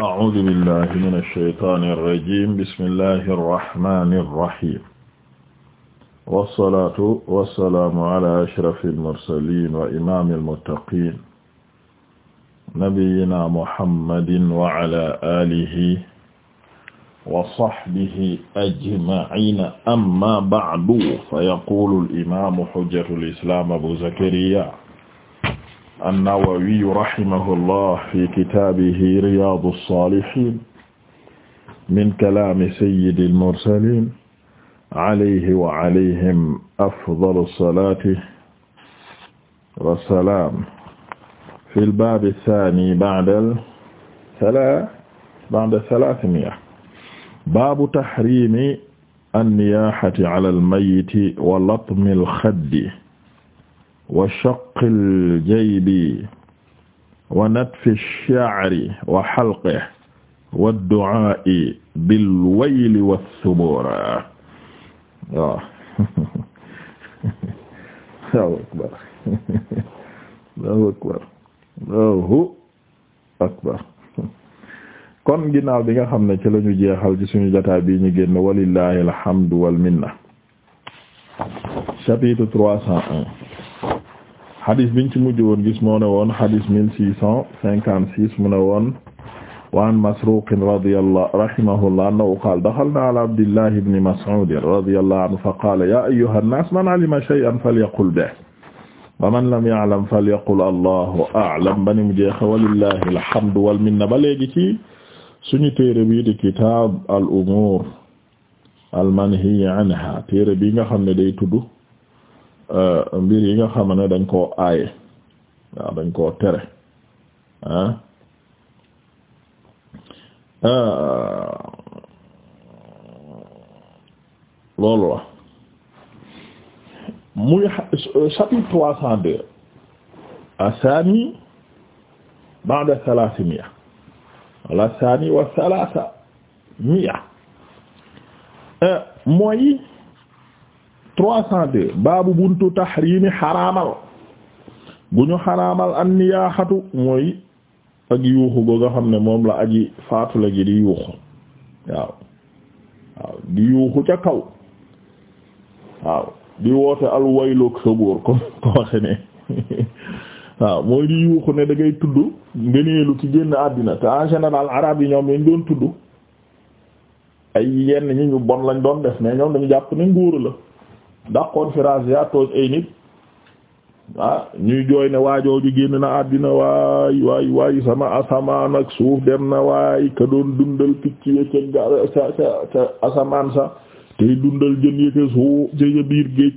a'uuzu billaahi mina shaytaani rajiim bismillaahi rahmaani rahiim wassalaatu wassalaamu alaa ashrafil mursaliin wa imaamil muttaqiin nabiyyinaa muhammadin wa alaa aalihi wa sahbihi ajma'iina ammaa ba'du fa yaquulu al-imaamu hujjatul islaam abuu zakariyaa an-Nawawiyu rahimahullah fi kitaabihi Riyaadu s-Saalihiin min kalaami sayyidil mursaliin alayhi wa alayhim afdalu salaati wa salaam fil baabi saani ba'da salaas ba'da salaasimiya baabu tahriimi an-niyaahati alal mayyiti wa latmil xaddi wa shaqil jaybi wa natfi sha'ri wa halqihi wa du'aa'i bil wa thubuur waaw Allahu akbar kon ginnaaw bi nga xam ne ci lañu jeexal ci suñu jotaay bi ñu génn walillahi alhamdu wal minna chapitre trois cent un xadis biñ ci mujj woon gis moo ne woon xadis mille six cent cinquante six mu ne woon waan Masruq radiyallahu rahimahullah annahu qaala daxalnaa alaa Abdillahi ibni Mas'uud radiyallahu anhu fa qaala yaa ayyuha nnaas man alima shay'an falyaqul bihi wa man lam ya'lam falyaqul allahu a'lam ba ni mu jeexe walillahi alhamdu wal minna ba léegi ci suñu téere bii di kitaab al umuur al manhiyyi anhaa téere bii nga xam ne day tudd. Euh, mbir yi nga xam ne dañ koo aaye waaw dañ koo tere ah euh. loolu la muy chapitre trois cent deux asani ba'da thalath miya wala sani wa thalatha miya euh, mooy trois cent deux baabu buntu tahrimi xaraamal gu ñu xaraamal an niyaaxatu mooy ak yuuxu ba xam ne moom la aji faatu la ji di yuuxu waaw waaw di yuuxu ca kaw waaw di woote al wayloog sa buur ko waxe ne waaw mooy di yuuxu ne da ngay tudd ngëneelu ki génn àddina te en général arab yi ñoom lañ doon tudd ay yenn ñi ñu bon lañ doon def mais ñoom dañu jàpp nañ nguuru la ndax conférence ya tooj ay nit ah ñuy jooy ne waajooju génn na àddina waay waay waay sama asamaan ak suuf dem na waay ka doon dundal picc ya asamaan sa tey dundal jën ya ca suuf ca biir géej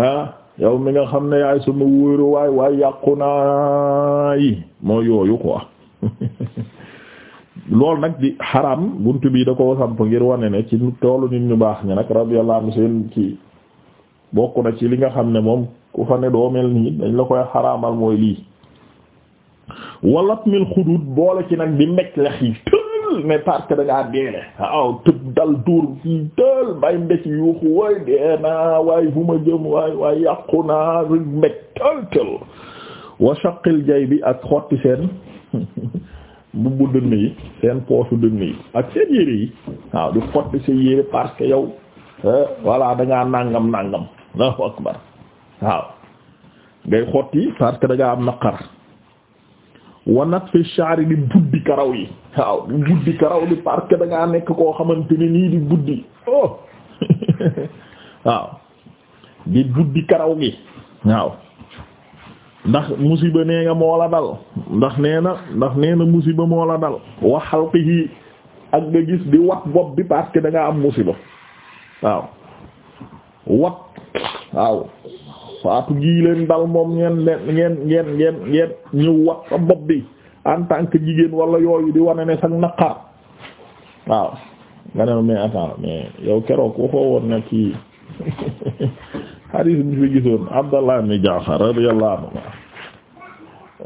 ah yow mi nga xam ne yaay sama wóoru waay waay yàqu naa yi moo yooyu quoi nag di xaram buntu bii da ko samp ngir wane ne ci toolu nit ñu baax ñi nag radiyallahu anhu seen ci bokk na ci li nga xam ne moom ku fa ne doo mel nii dañ la koy xaraamal mooy lii walat mil xudud boole ci nag di mecc lex yi tël mais parce que da ngaa deele waaw tëb dal duur tël bay mbéc yuuxu waay dee naa waay fu ma jëm waay waay yàqu naa rek tël tël wa jay bi ak xotti seen mbubbu dënn yi seen poosu dënn yi ak seen yére yi waaw di xotti seen yére parce que yow eh, voilà dangaa nàngam nàngam Allahu akbar waaw ngay xotti parce que da ngaa am naqar wanat fi shaari di buddi karaw yi waaw di buddi karaw li parce que nekk koo xamante ne nii di buddi oh waaw di buddi karaw gi waaw ndax musiba nee nga moo la dal ndax nee na ndax nee na musiba moo la dal waxal xalqihi ak nga gis di wat bopp bi park que am musiba waaw wat waaw faatu gii leen dal moom ngeen leen ngeen ngeen ngeen ngeen ñu wax sa bopp bi en tant que jigéen wala yooyu di wane ne sax naqar waaw nga ne mais attends mais yow keroog waxoo woon na ci hadith bi fi gisoon Abdallah ibn Jaafar radiyallahu anhu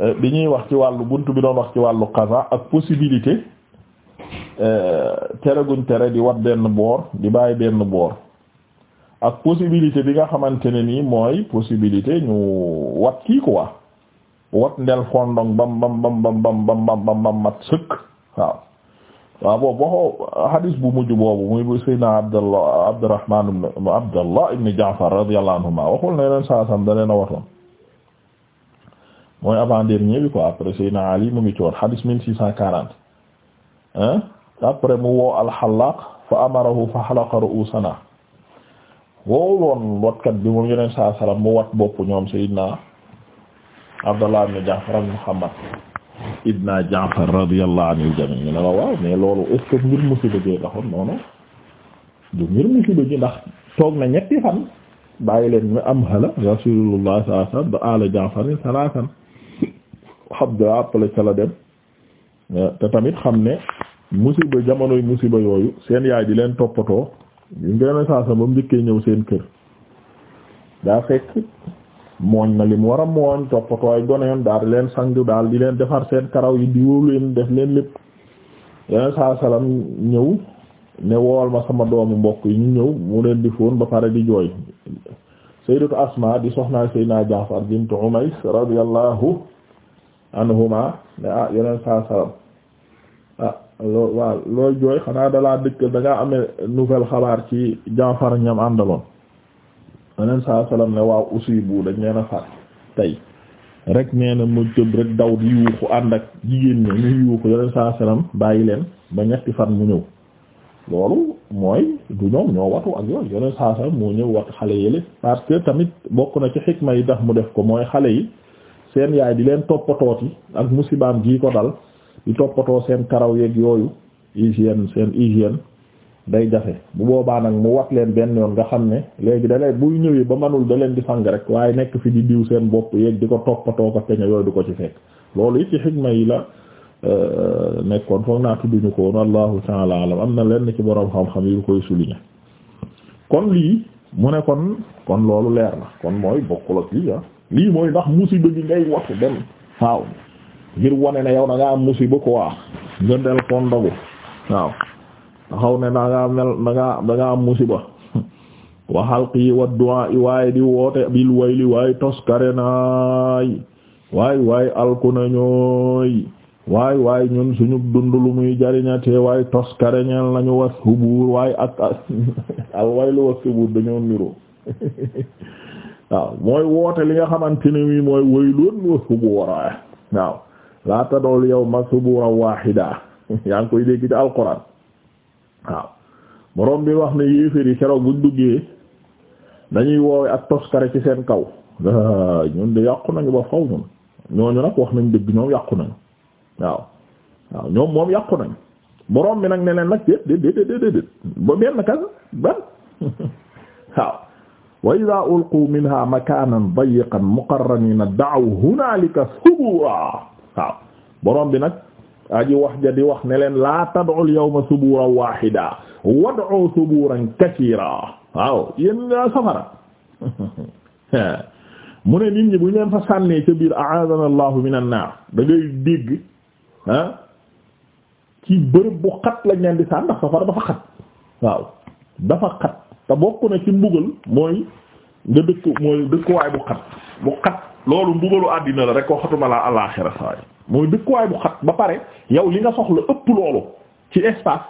euh, bi ñuy wax ci wàllu bunt bi doon wax ci wàllu qaza ak possibilité euh, tere guñ tere di wat benn boor di bàyyi benn boor ak possibilité bi nga xamante ne nii mooy possibilité ñu wat kii quoi wat ndel fondong bam bam bam bam bam bam sëkk waaw waaw boobu waxoo hadis bu mujj boobu muy bu saydna abdallah abdurrahman ibn abdallah ibn anhuma waxul ne leen saasam da watoon mooy avant dernier bi quoi après saydna ali mu ngi ci woon hadis mille six après mu woo alxalaq fa amarahu fa xalaqa ru'usana woowu loon watkat bi moom yeneen sa salaam mu wat bopp ñoom Seydina Abdallah ibn Jaafar ibn Muhammad ibn Jaafar radiyallahu anil jami' ñu ne la waaw mais loolu est ngir musiba jee taxoon noonu du ngir musiba ji ndax toog na ñetti fan bàyyi leen mu am xala rasulullah sallallahu alayhi wasallam ala Jaafarin salaasan Abdallah tamit xam ne musiba jamonoy musiba yooyu seen yaay di leen toppatoo li nga demee saa ba mu njëkkee ñëw seen kër daa fekk mooñ na li mu war a mooñ toppatoo ay goneem daal leen sang daal di leen defar seen karaw yi di wóolu leen def leen lépp yeneen saa salaam ñëw ne wool ma sama doomu mbokk yi ñu ñëw mu leen di fóon ba pare di jooy sayyidatu Asma di soxnaa sayyidina Jaafar bint Umays radiyallahu anhuma ne ah yeneen saa salaam loo waaw loolu jooy xanaa dalaa dëkkal da ngaa amee nouvelle xabaar ci Jaafar ñam àndaloon yeneen saa salaam ne waaw aussi bu dañ leen a faat tey rek nee na mu tëb rek daw di yuuxu ànd ak jigéen ñi ñu yuuxu yeneen saa salaam bàyyi leen ba ñetti fan mu ñëw loolu mooy du ñoom ñoo watu ak yooyu yeneen saa salaam moo ñëw wat xale yële parce que tamit bokk na ci xikma yi tax mu def ko mooy xale yi seen yaay di leen toppatooti ak musibaam gii ko dal. di toppatoo seen karaw yeeg yooyu hygiène seen hygiène day jafe bu boobaa nag mu wat leen benn yoon nga xam ne léegi da lay buy ñëwee ba manul da leen di sang rek waaye nekk fi di diw seen bopp yeeg di ko toppatoo ko peñe yooyu du ko ci fekk loolu it ci xikma yi la euh, nekkoon foofu naa tudduñu ko woon allahu taala alam am na lenn ci borom xam-xam yu koy souligner kon lii mu ne kon kon loolu leer na kon mooy bokkul ak lii ah lii mooy ndax musiba gi ngay watu ngir wone ne yow da ngaa am musiba quoi nga del ko ndogu waaw taxaw ne da ngaa am musiba wa halqi wa du'a waaye di woote bil wayli waaye toskare naay waay waay alku nañooy waay waay ñun suñu dund lu muy jariñate waay toskare ñeel nañu was hubuur waay al waylu was hubuur dañoo niroo waaw mooy woote li nga xamante ne mi mooy wayloon was hubuur waaw laa tadool yow ma subura wahida yaa ngi koy dégg ci alquran waaw borom bi wax ne yéeféri keroog buñ duggee dañuy woowe ak toskare ci seen kaw ñun de yàqu nañu ba faw ñun ñooñu nag wax nañ dëgg ñoom yàqu nañu waaw waaw ñoom moom yàqu nañ borom bi nag ne leen nag déet déet déet déet déet ba benn kas ban waaw wa idha ulqu minha makanan dayiqan muqarranina da'aw hunalika subura waaw borom bi nag aji wax ja di wax ne leen laa tad'ul yawma suburan wahida wad'u suburan katira waaw yéen safara mu ne nit ñi bu ñu leen fa sànnee ca biir a'adana allahu min an-naar da ngay dégg ci bërëb bu xat lañ leen di sànn ndax safara dafa xat waaw dafa xat te bokk na ci mbugal mooy nga dëkk mooy dëkkuwaay bu xat bu xat loolu mbugalu àddina la rek ko xatuma la alaaxira saay mooy dëkkuwaay bu xat ba pare yow li nga soxla ëpp loolu ci espace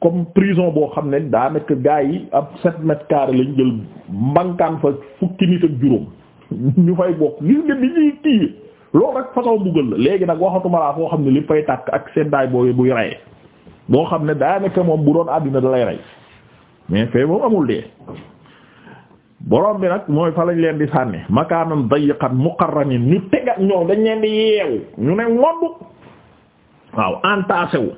comme prison boo xam ne daa nekk gaa yi ab sept mètres carrés lañ jël mbankaan fa fukki nit ak juróom ñu fay bokk gis nga di ñuy kii loolu rek façon buggal la léegi nag waxatuma laa foo xam ne li fay tàkk ak seddaay boobu buy reyee boo xam ne daa nekk moom bu doon àddina da lay rey mais fee moom amul dee borom bi nag mooy fa lañ leen di sànni makaanam dayiqan muqarranin ñu tega ñoo dañ leen di yeewu ñu ne ngomb waaw entassé wu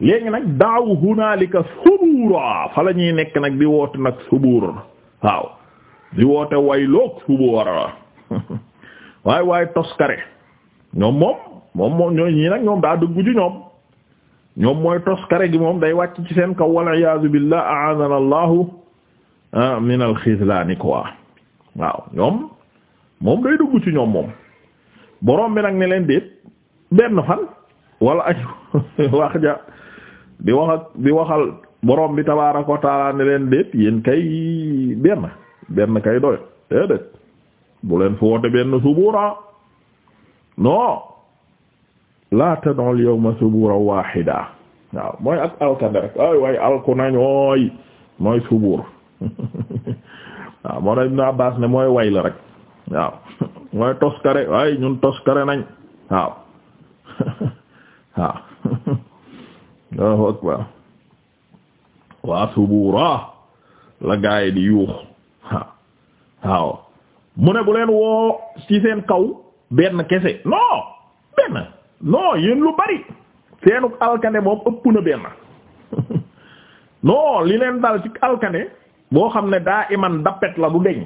léegi nag daaw hunaalika subura fa la nekk nag di woote nag subur waaw di woote wayloog subura waaye waaye toskare ñoom moom moom moom ñooy ñii nag ñoom daa dëggu ci ñoom ñoom mooy toskare gi moom day wàcc ci seen kaw wal iyaazu billah a'aadana allahu Ah, min al xizlaani quoi waaw ñoom moom day dugg ci ñoom moom borom bi nag ne leen déet benn fan wala ay wax ja di wax ak waxal borom bi tabaaraka wa taala ne leen déet yéen kay benn benn kay doy déedéet bu leen fi woote benn subuura non laa tad'u al yawma subuura waahida waaw mooy ak alkande rek ay way alku nañooy mooy subuur waaw moo tax Ibn Abbas ne mooy way la rek waaw mooy toskare waaye ñun toskare nañ waaw waaw Allahu akbar waa subura la gaay di yuux waaw mu ne bu leen woo ci seen kaw benn kese non benn non yéen lu bari seenuk alkande moom ëpp na benn non li leen dal ci alkande boo xam ne daa iman dappet la du deñ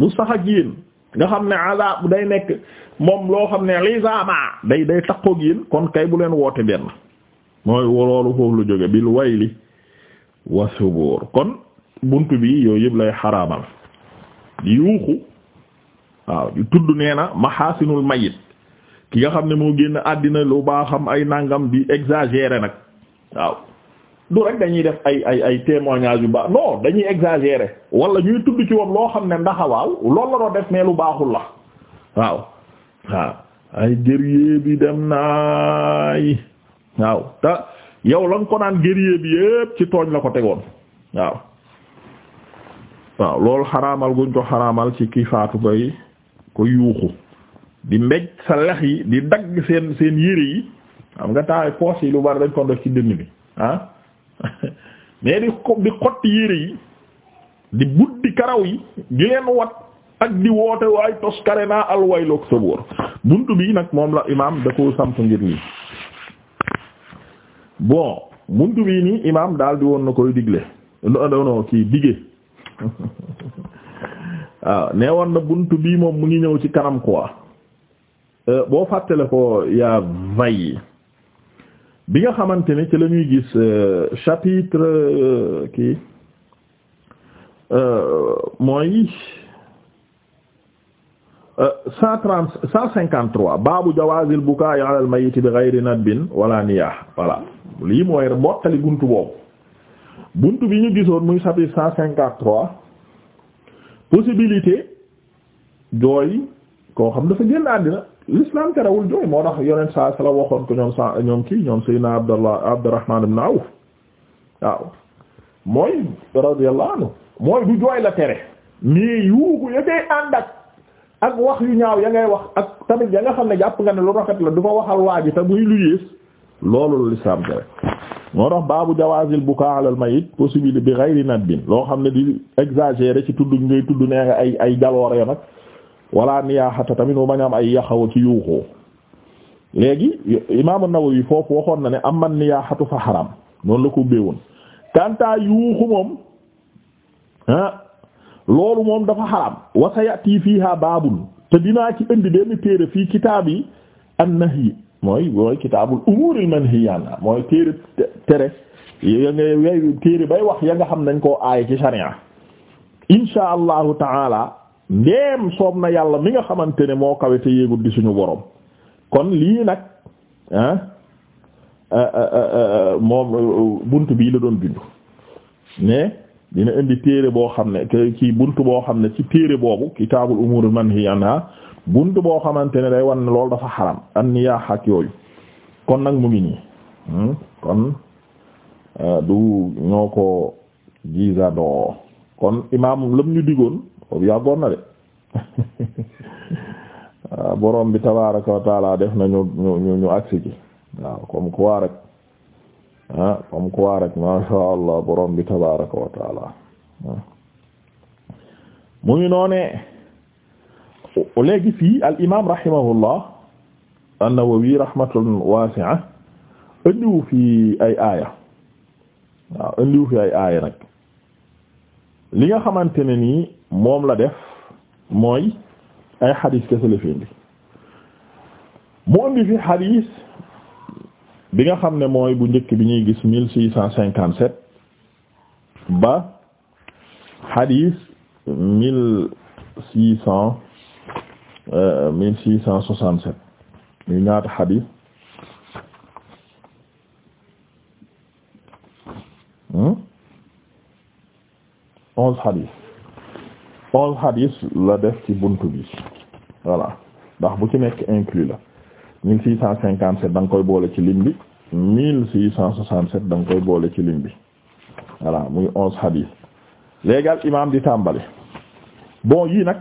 du sax a yéen nga xam ne azab day nekk moom loo xam ne lisama day day takkoog yéen kon kay bu leen woote benn mooy loolu foofu lu jóge bil wayli wa kon bunt bi yooyu yëpp lay xaraamal di yuuxu waaw di tudd nee na maxaasinul mayit ki nga xam ne moo génn àddina lu baaxam ay nàngam di exagérer nag waaw lu rek dañuy def ay ay ay témoignage yu baax non dañuy exagérer wala ñuy tudd ci woon loo xam ne ndax waaw loolu la doon def mais lu baaxul la waaw waaw ay guerrier bi dem naay waaw te yow la nga ko naan guerrier bi yépp ci tooñ la ko tegoon waaw waaw loolu xaraamal guñ ko xaraamal ci ki faatu koy ko yuuxu di mbéj sa lex yi di dagg seen seen yére yi xam nga taay poche yi lu bari dañ ko def ci dënn bi ah. mais di xotti yére yi di buddi karaw yi di leen wat ak di woote waay toskare naa alwayloog sa boor bi nag moom la imaam da ko samp ngir nii bon buntu bi nii imaam daal di woon na koy digle non non kii dige waaw nee woon na buntu bii moom mu ngi ñëw ci kanam quoi euh, boo fàttale ko yaa vay bi nga xamante ne ci lañuy gis euh, chapitre euh, kii euh, mooy cent trente cent cinquante trois baabu jawaazil bukaa'i ala al mayyit bi ghayri nadbin wala lii mooy mottali buntu boobu buntu bi ñu gisoon muy chapitre cent cinquante trois possibilité jooy koo xam dafa génn àddina l'islam terewul jooy moo tax yonent saa la waxoon ko ñoom sa ñoom kii ñoom Seydina Abdallah Abdurrahman ibn Awf waaw mooy radiyallahu anhu mooy du jooy la tere mais yuuxu ya ngay ànd ak ak wax yu ñaaw ya ngay wax ak tamit ya nga xam ne jàpp nga ne lu rafet la du fa waxal waa ji te muy lu yées loolu l'islam tere moo tax baabu jawaazil bukaa alal mayit possible bi ghayri nadbin loo xam ne di exagérer ci tudd ngay tudd nee ay ay jaloore nag wala niyaaxata tamit mu bañ am ay yaxaw ci yuuxoo léegi imaamu Nawawi foofu waxoon na ne am man niyaaxatu fa xaram noonu la ko béewoon kantaa yuuxu moom ah loolu moom dafa xaram wa sayati fiha baabul te dinaa ci indi benn téere fii kitaab yi an-nahy mooy mooy kitaabul umuuril manhiy anha mooy téere tere ya nga yooyu téere bay wax ya nga xam nañ koo aay ci sharia insha allahu taala ndeem soob na yàlla mi nga xamante ne moo kawe te yéegul di suñu borom kon lii nag ah, ah, ah, ah moom bunt bii la doon jundu mais dina indi téere boo xam ne ki bunt boo xam ne ci téere boobu kitaabul umurul manhi anha bunt boo xamante ne day wan ne lool dafa xaram an niyaaha ak yooyu kon nag mu ngi nii hmm? kon du ñoo ko gisadoo kon imaam lam ñu digoon boobu yàggoon na de ah, borom bi tabaaraka wa taala def na ñu ñu comme quoi ah, ma sha Allah borom bi tabaaraka ah. mu ngi noonee léegi fii al imaam rahimahullah an-Nawawi rahmatun wasi'a indiwu fi ay aaya waaw indiwu fi ay aaya nag li nga xamante ne nii moom la def mooy ay xadis kese la fi mu indi fi xadis bi nga xam ne mooy bu njëkk bi ñuy gis mille six cent cinquante sept ba xadis mille six cent euh, mille six cent soixante sept ñu ñaata xadis onze hadis onze hadis la def ci bunt bi voilà ndax bu ci nekk inclus la mille six cent cinquante da nga koy boole ci lim bi mille six cent soixante sept koy boole ci lim bi voilà muy onze hadis léegi imam di tàmbali bon yii nag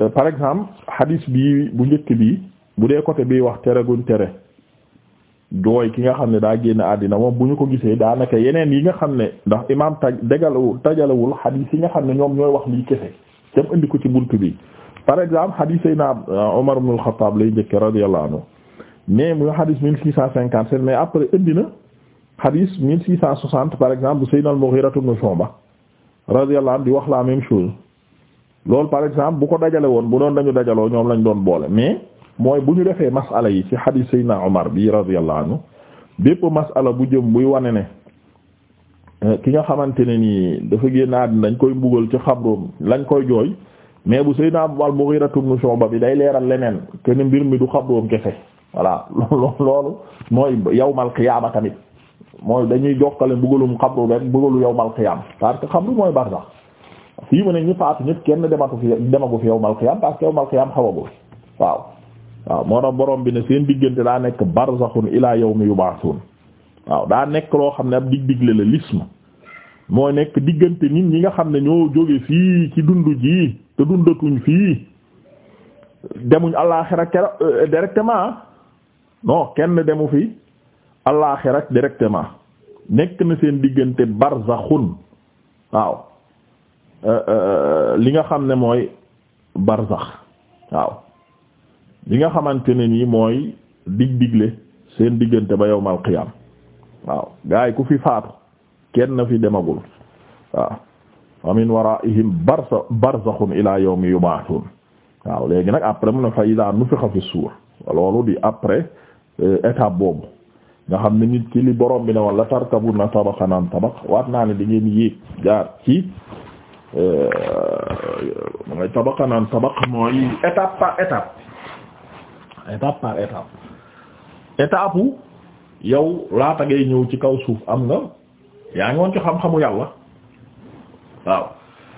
euh, par exemple hadis bi bu njëkk bi bu dee côté bi wax tere guñ tere jooy ki nga xam ne daa génn àddina moom bu ñu ko gisee daanaka yeneen yi nga xam ne ndax imaam taj dégalawu dajalewul xadiis yi nga xam ne ñoom ñooy wax lii kese dem indi ko ci bunt bi par exemple xadiis yi na Umar ibn al-Khattab lay njëkke radiyallahu anhu mais mu xadiis mille six cent cinquante mais après indi na xadiis mille six cent soixante par exemple bu Sayyidina al-Mughira ibn Shu'ba radiyallahu anhu di wax laa même chose loolu par exemple bu ko dajale woon bu doon dañu dajaloo ñoom lañ doon boole mais mooy bu ñu defee masala yi ci hadith Seydina Omar bi radiyallahu anhu bépp masala bu jëm buy wane ne eh, ki nga xamante ne nii dafa génn àddina dañ koy mbugal ci xabroom lañ koy jooy mais bu Seydina al-Mughira ibn Shu'ba bi day leeral leneen kenn mbir mi du xabroom kese voilà loolu mooy yawmal qiyaama tamit mooy dañuy jokkale mbugalum xabru rek mbugalu yawmal qiyaama parce que xabru mooy barsax fii mu ne ñi faatu ñëpp kenn dematu fi demagu fi yawmal qiyaama parce que waaw moo tax borom bi ne seen diggante daa nekk barzaxun ilaa yu yub'athun waaw daa nekk loo xam ne ab dig digle la l'isme mooy nekk diggante nit ñi nga xam ne ñoo jóge fii ci dund ji te dundatuñ fii demuñ àllaaxira euh, directement non kenn demu fi àllaaxira directement nekk na seen diggante barzaxun waaw euh, euh, li nga xam ne mooy barzax waaw li nga xamante ne nii mooy dig digle seen diggante ba yawmal qiyaam waaw gaa yi ku fi faatu kenn na fi demagul waaw wa min waraihim barza barzaxun ila yawmi yub'athun waaw léegi nag après mu ne fa idaa nufixa fi suur loolu di après euh, étape boobu nga xam na nit ki li borom bi ne woon la na tabaxan an tabax waat naa ne di ngeen yéeg jaar ci euh, mooy tabaxan an mooy étape par étape étape par étape étape u yow laata ngay ñëw ci kaw suuf am nga yaa ngi woon ci xam-xamu yàlla waaw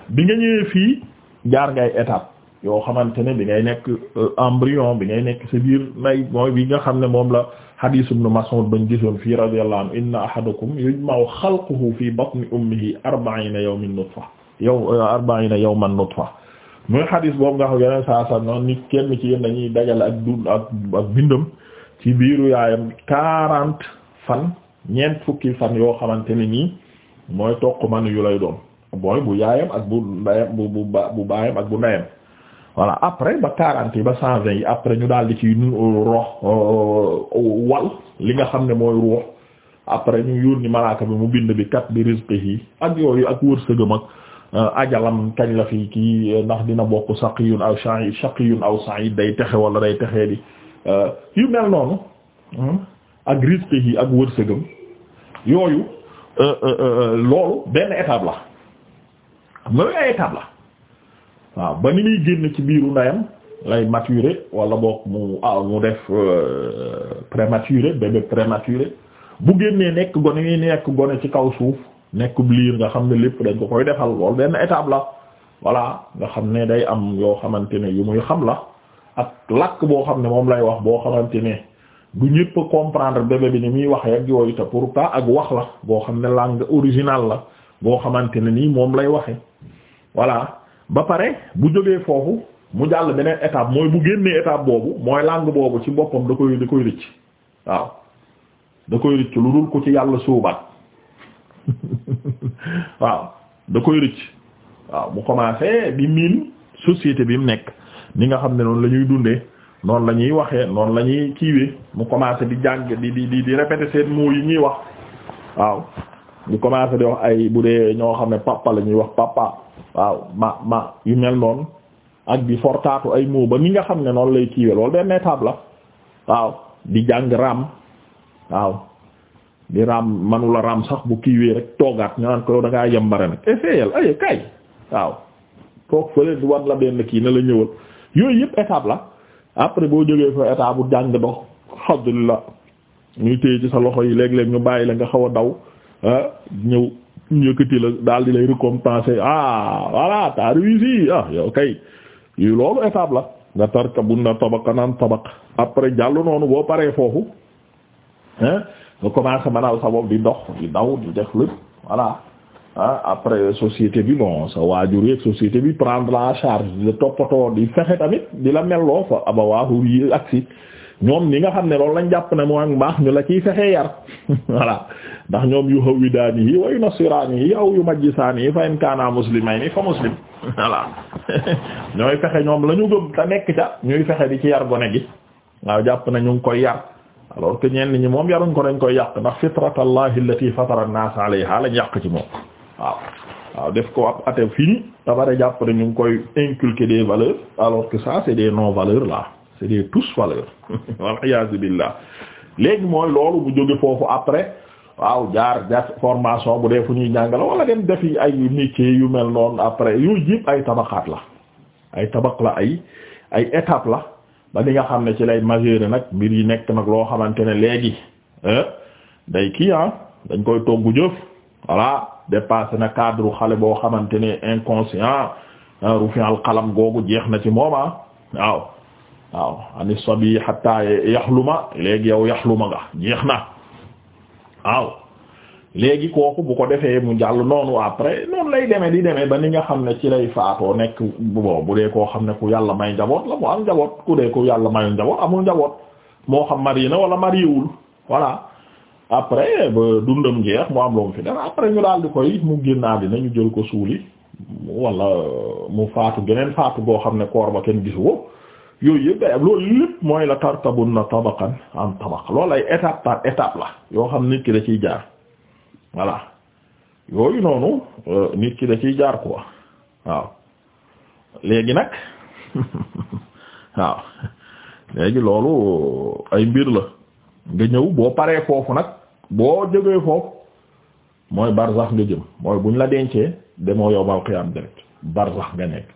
bi nga ñëwee fii jaar ngay étape yoo xamante ne bi ngay nekk euh, embryon bi ngay nekk ci biir nay mooy bi nga xam ne moom la nu ibn Mas'ud bañ gisoon fii radiyallahu anhu inna ahadakum yujma'u xalquhu fi batni ummihi arba'ina yawmin nutfa yow euh, arba'ina yawman nutfa muy xadis boobu nga xam yeneen saa saa noonu nit kenn ci yéen ñuy dajale ak dund ak ak bindam ci biiru yaayam quarante fan ñeent fukki fan yoo xamante ne nii mooy toq man yu lay doon mooy bu yaayam ak bu ndayam bu baayam ak bu ndayam voilà après ba quarante yi ba cent yi après ñu daal di ci rox euh, wal li nga xam ne mooy ruux après ñu yónni malaaka bi mu bind bi kat bi yi ak yooyu ak wërsëgam ak Euh, ajalam kañ la fi ki euh, ndax dina bokk saqiyun aw shaqi shaqiyun aw sa'id day texe wala day texee di euh, yu mel noonu hmm, ak risque yi ak wërsëgam yooyu loolu benn étape la xam nga yooyu la waaw ba ni muy génn ci biiru ndeyam lay mature wala bokk mu ah mu def prématuré bébé prématuré bu génnee nekk gone yi nekk gone ci kaw suuf nekk liir nga xam ne lépp dañ ko koy defal lool benn étape la voilà nga xam ne day am yoo xamante ne yu muy xam la ak làkk boo xam ne moom lay wax boo xamante ne du ñëpp comprendre bébé bi ni muy waxee ak yooyu te pour pourtant ak wax la boo xam ne langue originale la boo xamante ne nii moom lay waxe voilà ba pare bu jógee foofu mu jàll beneen étape mooy bu génnee étape boobu mooy làng boobu ci boppam da koy da koy rëcc waaw da koy rëcc lu dul ko ci yàlla suubaat waaw da koy rëcc waaw mu commencé di miin société bi mu nekk ni nga xam ne noonu la ñuy dundee noonu la ñuy waxee noonu lañuy ñuy kiiwee mu commencé di jàng di di di di répéter seen mots yi ñuy wax waaw di commencé di wax ay bu dee ñoo xam ne papa la ñuy wax papa waaw ma ma yu mel noon ak di fortaatu ay mots ba ni nga xam ne noonu lay kiiwee loolu benn étape la waaw di jàng ram waaw di raam manula raam sax bu kiiwee rek toogaat ñu naan ko da ngaa yembare nag essayel eh, ay kay waaw toog fële wan la benn kii na la ñëwal yooyu yëpp étape la après boo jógee fa étape bu jàng dox loxo yi léeg-léeg ñu bàyyi la nga xaw a daw ah ñëw yëkkati la daal di lay récompenser ah voilà t'as réussi ah yow kay yu loolu étape la nga tarkabunna tabaqan an tabaq après jàll noonu boo paree foofu hein nga commencé manal sa bopp di dox di daw di def lépp voilà ah après société bi bon sa waajur yeeg société bi prendre la charge di toppatoo di fexe tamit di la melloo fa abawaahu yi aksi ñoom ñi nga xam ne loolu lañ jàpp ne moo ak mbaax ñu la ciy fexe yar voilà ndax ñoom yu hawidaani yi wa yu nasiraani yi aw yu majjisaani yi fa in kaana muslimayni fa muslim voilà ñooy fexe ñoom la ñu gëm te nekk ca ñuy fexe di ci yar gone gi waaw jàpp na ñu ngi koy yar alors que ñenn ñi moom yaruñ ko dañ koy yàq ndax fitratallahi allati fatara an-nas alayha lañ yàq ci moom waaw waaw def ko ab até fini tabare jàpp ne ñu ngi koy inculquer des valeurs alors que ça c'est des non valeurs là c'est des tous valeurs wal iyaazu billah léegi mooy loolu bu jóge foofu après waaw jaar jaar formation bu dee fu ñuy jàngale wala dem defi ay métier yu mel noonu après yu jib ay tabaxaat la ay tabax la ay ay étape la ba li nga xam ne ci lay majeur nag mbir yi nekk nag loo xamante ne léegi day kii ah dañ koy toggu jëf voilà dépassé na cadre xale boo xamante ne inconscient rufi al googu jeex na ci mooma waaw waaw ani sabi hatta ma léegi yow yaxluma nga jeex na waaw léegi kooku bu ko defee mu jàll noonu après noonu lay demee di demee ba ni nga xam ne ci lay faatoo nekk bon bu dee koo xam ne ku yàlla may njaboot la mu am njaboot ku dee ku yàlla mayul njaboot amul njaboot moo xam mari na wala mariwul voilà après ba dundam jeex mu am lu mu fi def après ñu daal koy mu génnaa dina ñu jël ko suuli wala mu faatu geneen faatu boo xam ne koor ba kenn gisu ko yooyu yëpp day am loolu lépp mooy la tartabun na tabaqan an tabaq loolu ay étape par étape la yoo xam nit ki da ciy jaar voilà yooyu noonu euh, nit ki da ciy jaar quoi waaw léegi nag waaw léegi loolu ay mbir la nga ñëw boo paree foofu nag boo jógee foofu mooy barzax nga jëm mooy buñ la dencee demoo yowmal xiyaam direct barzax nga nekk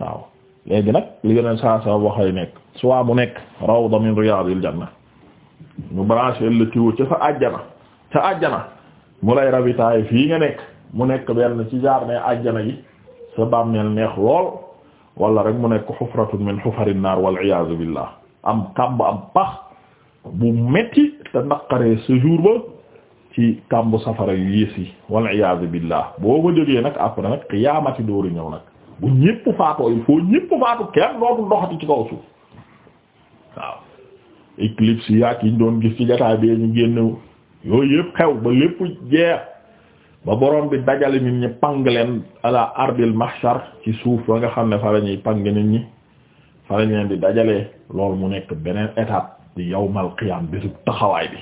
waaw léegi nag li yeneen saa saa waxay nekk soit bu nekk rawda min riyaadil janna ñu branché la tiwo sa àjjana ca àjjana mu lay ravitaay fii nga nekk mu nekk benn ci jardin àjjana yi sa bàmmeel neex lool wala rek mu nekk xufratun min xufarin naar wal iyaazu billah am kàmb am pax bu metti te naqaree ce jour ba ci kàmb safara yu yées yi wal iyaazu billah boo ma jógee nag après nag xiyaamati dooru ñëw nag bu ñépp faatoo il faut faatu kenn dootul doxati ci kaw suuf waaw éclipse yaak yi ñu doon gis ci jotaay bee ñu génn yooyu yëpp xew ba lépp jeex ba borom bi dajale nit ñi pang leen ala ardil mahshar ci suuf ba nga xam ne fa la ñuy pang nit ñi fa la leen di dajalee loolu mu nekk beneen étape di yawmal qiyam bésub taxawaay bi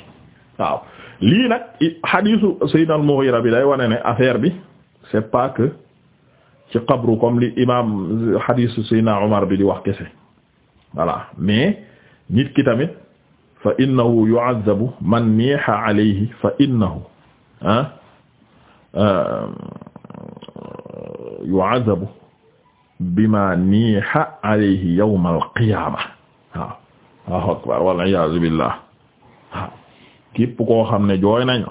waaw lii nag xadiisu sayyidina al-Mughira bi day wane ne affaire bi c'est pas que ci qabru comme li imam xadiisu sayyidina Umar bi di wax kese voilà mais nit ki tamit fa innahu yu'azzabu man niiha alayhi fa innahu ah uh, yu'azzabu bima niiha alayhi yawm al-qiyaama waaw waaw akbar wal iyaazu billah waaw képp koo xam ne jooy nañu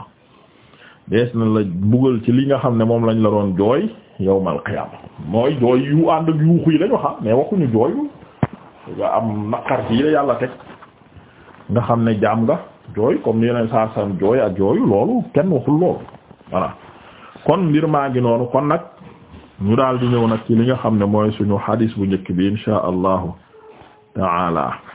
dees na la bugal ci li nga xam ne moom lañ la doon jooy yawm al-qiyaama mooy jooy yu ànd ak yuuxu yi lañu xam mais waxuñu jooy nga am naqar ci yi la yàlla teg nga xam ne jaam nga jooy comme yeneen saa sam jooy ak jooyu loolu kenn waxul loolu voilà kon mbir maa ngi noonu kon nag ñu daal di ñëw nag ci li nga xam ne mooy suñu hadis bu njëkk bi insha allahu taala